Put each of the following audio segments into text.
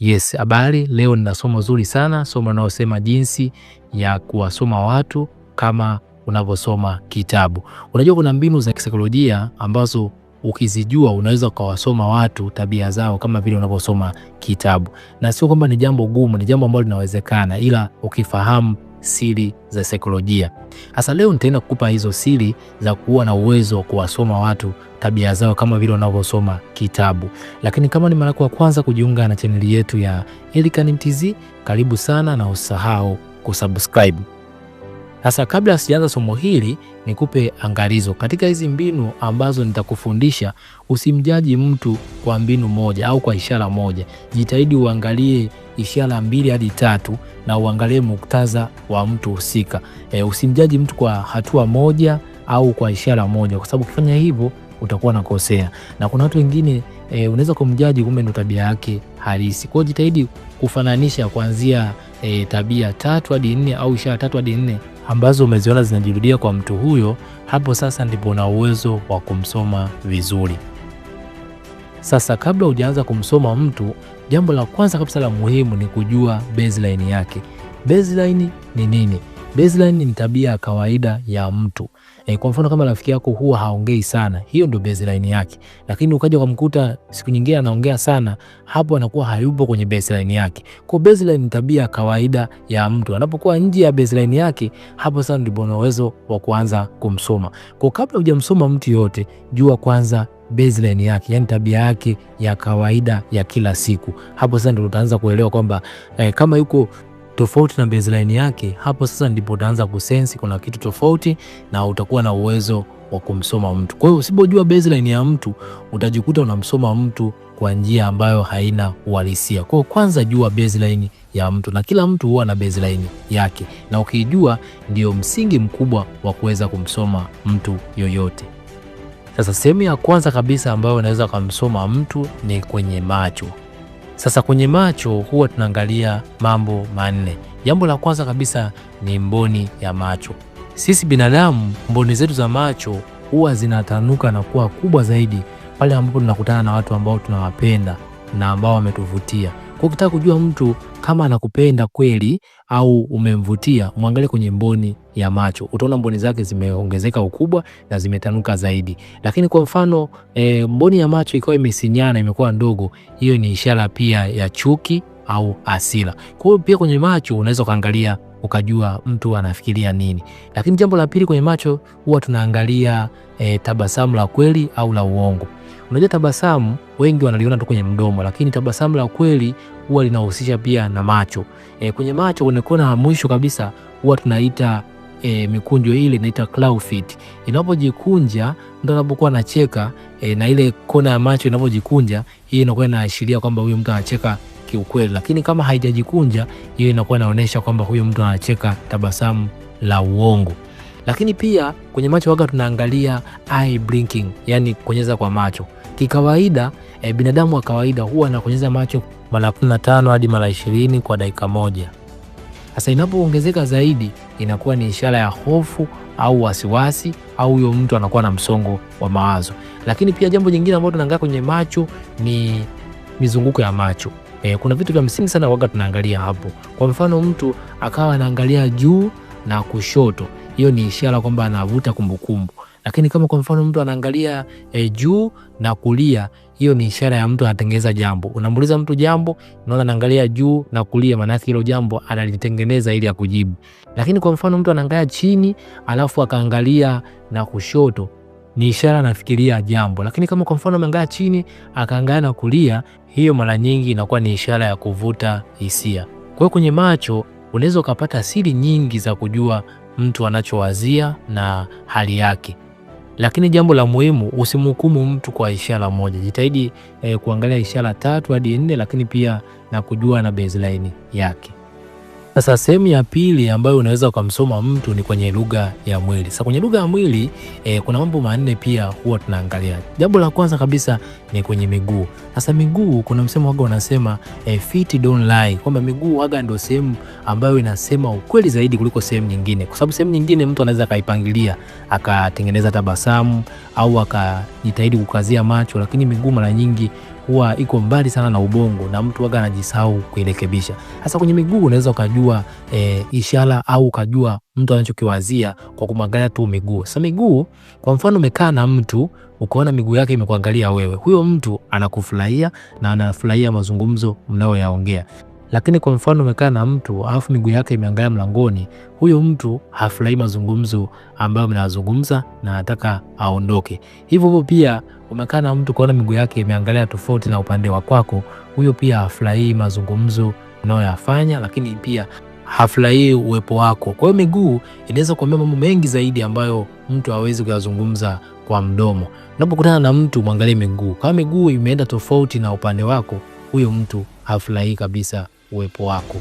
Yes, habari. Leo nina somo zuri sana, somo linalosema jinsi ya kuwasoma watu kama unavyosoma kitabu. Unajua kuna mbinu za kisaikolojia ambazo ukizijua unaweza ukawasoma watu tabia zao kama vile unavyosoma kitabu, na sio kwamba ni jambo gumu, ni jambo ambalo linawezekana, ila ukifahamu siri za saikolojia. Hasa leo nitaenda kukupa hizo siri za kuwa na uwezo wa kuwasoma watu tabia zao kama vile wanavyosoma kitabu. Lakini kama ni mara yako ya kwanza kujiunga na chaneli yetu ya Elikhan Mtz, karibu sana na usahau kusubscribe. Sasa kabla sijaanza somo hili, nikupe angalizo. Katika hizi mbinu ambazo nitakufundisha, usimjaji mtu kwa mbinu moja au kwa ishara moja. Jitahidi uangalie ishara mbili hadi tatu na uangalie muktadha wa mtu husika. E, usimjaji mtu kwa hatua moja au kwa ishara moja, kwa sababu ukifanya hivyo utakuwa nakosea. Na kuna watu wengine e, unaweza kumjaji kumbe ndo tabia yake halisi. Kwa hiyo jitahidi kufananisha kuanzia e, tabia tatu hadi nne au ishara tatu hadi nne ambazo umeziona zinajirudia kwa mtu huyo, hapo sasa ndipo una uwezo wa kumsoma vizuri. Sasa kabla hujaanza kumsoma mtu, jambo la kwanza kabisa la muhimu ni kujua baseline yake. Baseline ni nini? Baseline ni tabia ya kawaida ya mtu. E, kwa mfano kama rafiki yako huwa haongei sana, hiyo ndio baseline yake. Lakini ukaja kumkuta siku nyingine anaongea sana, hapo anakuwa hayupo kwenye baseline yake. Kwa baseline ni tabia ya kawaida ya mtu. Anapokuwa nje ya baseline yake, hapo sasa ndipo na uwezo wa kuanza kumsoma. Kwa kabla hujamsoma mtu yote, jua kwanza baseline yake, yani tabia yake ya kawaida ya kila siku. Hapo sasa ndio utaanza kuelewa kwamba eh, kama yuko tofauti na baseline yake, hapo sasa ndipo utaanza kusensi kuna kitu tofauti na utakuwa na uwezo wa kumsoma mtu. Kwa hiyo usipojua baseline ya mtu utajikuta unamsoma mtu kwa njia ambayo haina uhalisia. Kwa hiyo kwanza jua baseline ya mtu, na kila mtu huwa na baseline yake, na ukijua ndio msingi mkubwa wa kuweza kumsoma mtu yoyote. Sasa sehemu ya kwanza kabisa ambayo unaweza kumsoma mtu ni kwenye macho. Sasa kwenye macho huwa tunaangalia mambo manne. Jambo la kwanza kabisa ni mboni ya macho. Sisi binadamu mboni zetu za macho huwa zinatanuka na kuwa kubwa zaidi pale ambapo tunakutana na watu ambao tunawapenda na ambao wametuvutia. Ukitaka kujua mtu kama anakupenda kweli au umemvutia, mwangalie kwenye mboni ya macho, utaona mboni zake zimeongezeka ukubwa na zimetanuka zaidi. Lakini kwa mfano e, mboni ya macho ikawa imesinyana, imekuwa ndogo, hiyo ni ishara pia ya chuki au asila. Kwa hiyo pia kwenye macho unaweza ukaangalia ukajua mtu anafikiria nini. Lakini jambo la pili, kwenye macho huwa tunaangalia e, tabasamu la kweli au la uongo. Unajua, tabasamu wengi wanaliona tu kwenye mdomo, lakini tabasamu la kweli huwa linahusisha pia na macho. E, kwenye macho kwenye kona mwisho kabisa huwa tunaita E, mikunjo ile inaitwa claw fit. Inapojikunja mtu anapokuwa anacheka e, na ile kona ya macho inapojikunja, hii inakuwa inaashiria kwamba huyu mtu anacheka kiukweli, lakini kama haijajikunja hiyo inakuwa inaonyesha kwamba huyo mtu anacheka tabasamu la uongo. Lakini pia kwenye macho waga tunaangalia eye blinking, yani kuonyeza kwa macho. Kikawaida e, binadamu wa kawaida huwa anakonyeza macho mara 15 hadi mara 20 kwa dakika moja. Sasa inapoongezeka zaidi inakuwa ni ishara ya hofu au wasiwasi au huyo mtu anakuwa na msongo wa mawazo. Lakini pia jambo jingine ambalo tunaangalia kwenye macho ni mizunguko ya macho. E, kuna vitu vya msingi sana waga tunaangalia hapo. Kwa mfano mtu akawa anaangalia juu na kushoto, hiyo ni ishara kwamba anavuta kumbukumbu. Lakini kama kwa mfano mtu anaangalia e, juu na kulia, hiyo ni ishara ya mtu anatengeneza jambo. Unamuuliza mtu jambo, unaona anaangalia juu na kulia, maana yake hilo jambo analitengeneza ili akujibu. Lakini kwa mfano mtu anaangalia chini alafu akaangalia na kushoto ni ishara anafikiria jambo, lakini kama kwa mfano ameangalia chini akaangalia na kulia, hiyo mara nyingi inakuwa ni ishara ya kuvuta hisia. Kwa hiyo kwenye macho unaweza ukapata siri nyingi za kujua mtu anachowazia na hali yake. Lakini jambo la muhimu, usimhukumu mtu kwa ishara moja. Jitahidi eh, kuangalia ishara tatu hadi nne, lakini pia na kujua na baseline yake. Sasa sehemu ya pili ambayo unaweza ukamsoma mtu ni kwenye lugha ya mwili. Sasa kwenye lugha ya mwili e, kuna mambo manne pia huwa tunaangalia. Jambo la kwanza kabisa ni kwenye miguu. Sasa miguu, kuna msemo waga unasema e, feet don't lie, kwamba miguu waga ndio sehemu ambayo inasema ukweli zaidi kuliko sehemu nyingine, kwa sababu sehemu nyingine mtu anaweza akaipangilia akatengeneza tabasamu au akajitahidi kukazia macho, lakini miguu mara nyingi huwa iko mbali sana na ubongo na mtu waga anajisahau kuirekebisha. hasa kwenye miguu unaweza ukajua e, ishara au ukajua mtu anachokiwazia kwa kumwangalia tu miguu. Sasa miguu, kwa mfano, umekaa na mtu ukaona miguu yake imekuangalia wewe, huyo mtu anakufurahia na anafurahia mazungumzo mnayoyaongea. Lakini kwa mfano umekaa na mtu alafu miguu yake imeangalia mlangoni, huyo mtu hafurahi mazungumzo ambayo mnazungumza na anataka aondoke. Hivyo hivyo pia umekaa na mtu kuona miguu yake imeangalia tofauti na upande wa kwako, huyo pia hafurahii mazungumzo unayoyafanya, lakini pia hafurahii uwepo wako. Kwa hiyo miguu inaweza kuambia mambo mengi zaidi ambayo mtu hawezi kuyazungumza kwa mdomo. Unapokutana na mtu mwangalie miguu, kama miguu imeenda tofauti na upande wako, huyo mtu hafurahii kabisa uwepo wako.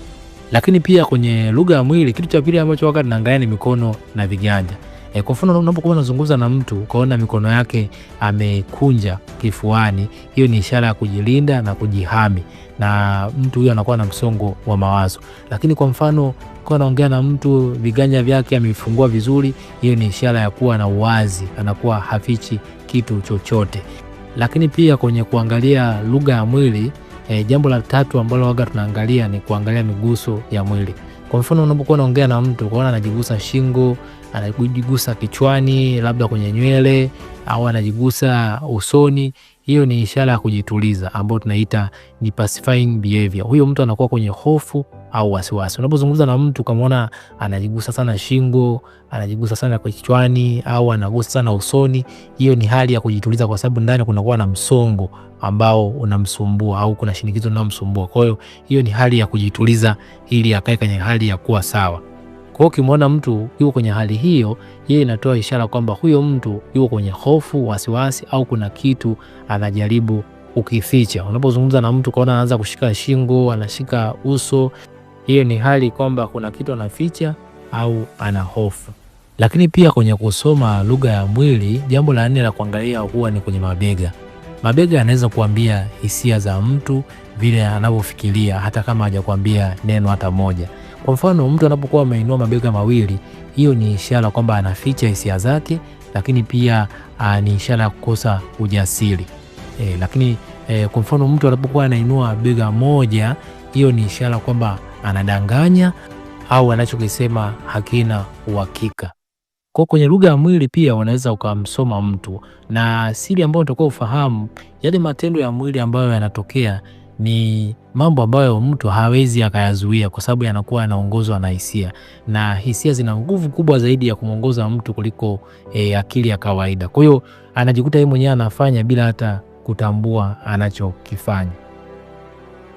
Lakini pia kwenye lugha ya mwili, kitu cha pili ambacho wakati naangalia ni mikono na viganja. E, kwa mfano unapokuwa unazungumza na mtu ukaona mikono yake amekunja kifuani, hiyo ni ishara ya kujilinda na kujihami, na mtu huyo anakuwa na msongo wa mawazo. Lakini kwa mfano ukiwa anaongea na mtu viganja vyake amefungua vizuri, hiyo ni ishara ya kuwa na uwazi, anakuwa hafichi kitu chochote. Lakini pia kwenye kuangalia lugha ya mwili E, jambo la tatu ambalo waga tunaangalia ni kuangalia miguso ya mwili. Kwa mfano unapokuwa unaongea na mtu ukaona anajigusa shingo, anajigusa kichwani, labda kwenye nywele au anajigusa usoni, hiyo ni ishara ya kujituliza ambayo tunaita ni pacifying behavior. Huyo mtu anakuwa kwenye hofu au wasiwasi. Unapozungumza na mtu ukamwona anajigusa sana shingo, anajigusa sana kwa kichwani au anagusa sana usoni, hiyo ni hali ya kujituliza, kwa sababu ndani kunakuwa na msongo ambao unamsumbua au kuna shinikizo linalomsumbua. Kwa hiyo hiyo ni hali ya kujituliza ili akae kwenye hali ya kuwa sawa. Kwa hiyo ukimwona mtu yuko kwenye hali hiyo, yeye inatoa ishara kwamba huyo mtu yuko kwenye hofu, wasiwasi au kuna kitu anajaribu ukificha. Unapozungumza na mtu kaona anaanza kushika shingo, anashika uso hiyo ni hali kwamba kuna kitu anaficha au ana hofu. Lakini pia kwenye kusoma lugha ya mwili, jambo la nne la kuangalia huwa ni kwenye mabega. Mabega yanaweza kuambia hisia za mtu vile anavyofikiria, hata kama hajakuambia neno hata moja. Kwa mfano, mtu anapokuwa ameinua mabega mawili, hiyo ni ishara kwamba anaficha hisia zake, lakini pia a, ah, ni ishara ya kukosa ujasiri e. Lakini e, kwa mfano mtu anapokuwa anainua bega moja, hiyo ni ishara kwamba anadanganya au anachokisema hakina uhakika. Kwa kwenye lugha ya mwili pia unaweza ukamsoma mtu, na siri ambayo utakuwa ufahamu, yale matendo ya mwili ambayo yanatokea ni mambo ambayo mtu hawezi akayazuia kwa sababu yanakuwa yanaongozwa na hisia, na hisia zina nguvu kubwa zaidi ya kumwongoza mtu kuliko e, akili ya kawaida. Kwa hiyo anajikuta yeye mwenyewe anafanya bila hata kutambua anachokifanya.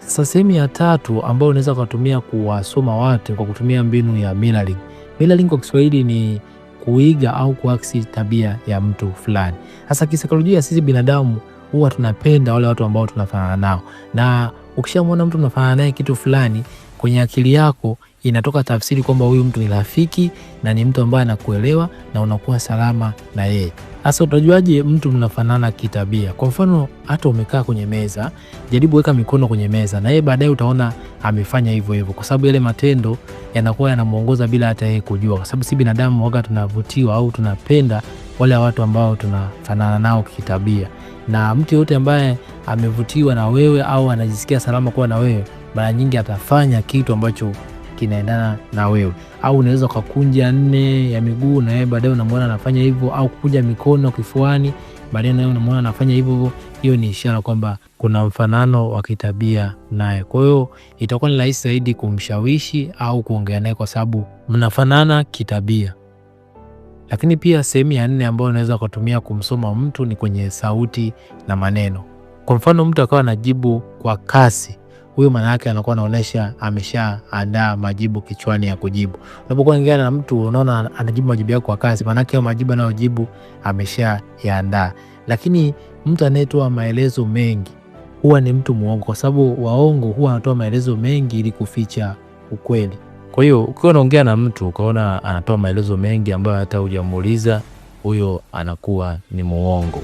Sasa sehemu ya tatu ambayo unaweza ukatumia kuwasoma watu kwa kutumia mbinu ya mirroring. Mirroring kwa Kiswahili ni kuiga au kuaksi tabia ya mtu fulani. Sasa kisaikolojia, sisi binadamu huwa tunapenda wale watu ambao tunafanana nao, na ukishamwona mtu unafanana naye kitu fulani, kwenye akili yako inatoka tafsiri kwamba huyu mtu ni rafiki na ni mtu ambaye anakuelewa na unakuwa salama na yeye. Sasa utajuaje mtu mnafanana kitabia? Kwa mfano, hata umekaa kwenye meza, jaribu weka mikono kwenye meza, na yeye baadaye utaona amefanya hivyo hivyo, kwa sababu yale matendo yanakuwa yanamuongoza bila hata yeye kujua, kwa sababu si binadamu waga tunavutiwa au tunapenda wale watu ambao tunafanana nao kitabia. Na mtu yote ambaye amevutiwa na wewe au anajisikia salama kuwa na wewe, mara nyingi atafanya kitu ambacho kinaendana na wewe, au unaweza ukakunja nne ya miguu na yeye baadaye unamwona anafanya hivyo, au kukunja mikono kifuani baadaye naye unamwona anafanya hivyo hivyo, hiyo ni ishara kwamba kuna mfanano wa kitabia naye. Kwa hiyo itakuwa ni rahisi zaidi kumshawishi au kuongea naye kwa sababu mnafanana kitabia. Lakini pia sehemu ya nne ambayo unaweza ukatumia kumsoma mtu ni kwenye sauti na maneno. Kwa mfano, mtu akawa anajibu kwa kasi huyo maana yake anakuwa anaonesha ameshaandaa majibu kichwani ya kujibu. Unapokuwa unaongea na mtu unaona anajibu majibu yako kwa kasi, maana yake majibu anayojibu ameshayaandaa. Lakini mtu anayetoa maelezo mengi huwa ni mtu mwongo kwa sababu waongo huwa anatoa maelezo mengi ili kuficha ukweli. Kwa hiyo ukiwa unaongea na mtu ukaona anatoa maelezo mengi ambayo hata hujamuuliza, huyo anakuwa ni muongo.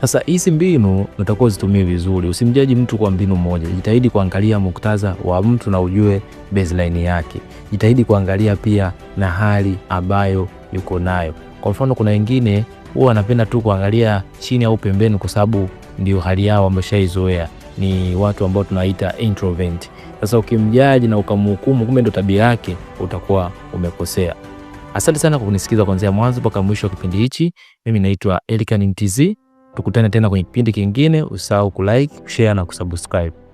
Sasa hizi mbinu utakuwa zitumie vizuri, usimjaji mtu kwa mbinu moja. Jitahidi kuangalia muktadha wa mtu na ujue baseline yake. Jitahidi kuangalia pia na hali ambayo yuko nayo. Kwa mfano, kuna wengine huwa wanapenda tu kuangalia chini au pembeni, kwa sababu ndio hali yao wameshaizoea. Ni watu ambao tunaita introvert. Sasa ukimjaji na ukamhukumu, kumbe ndo tabia yake, utakuwa umekosea. Asante sana kwa kunisikiza kuanzia mwanzo mpaka mwisho wa kipindi hichi. Mimi naitwa Elikhan Mtz. Tukutane tena kwenye kipindi kingine. Usahau kulike, share na kusubscribe.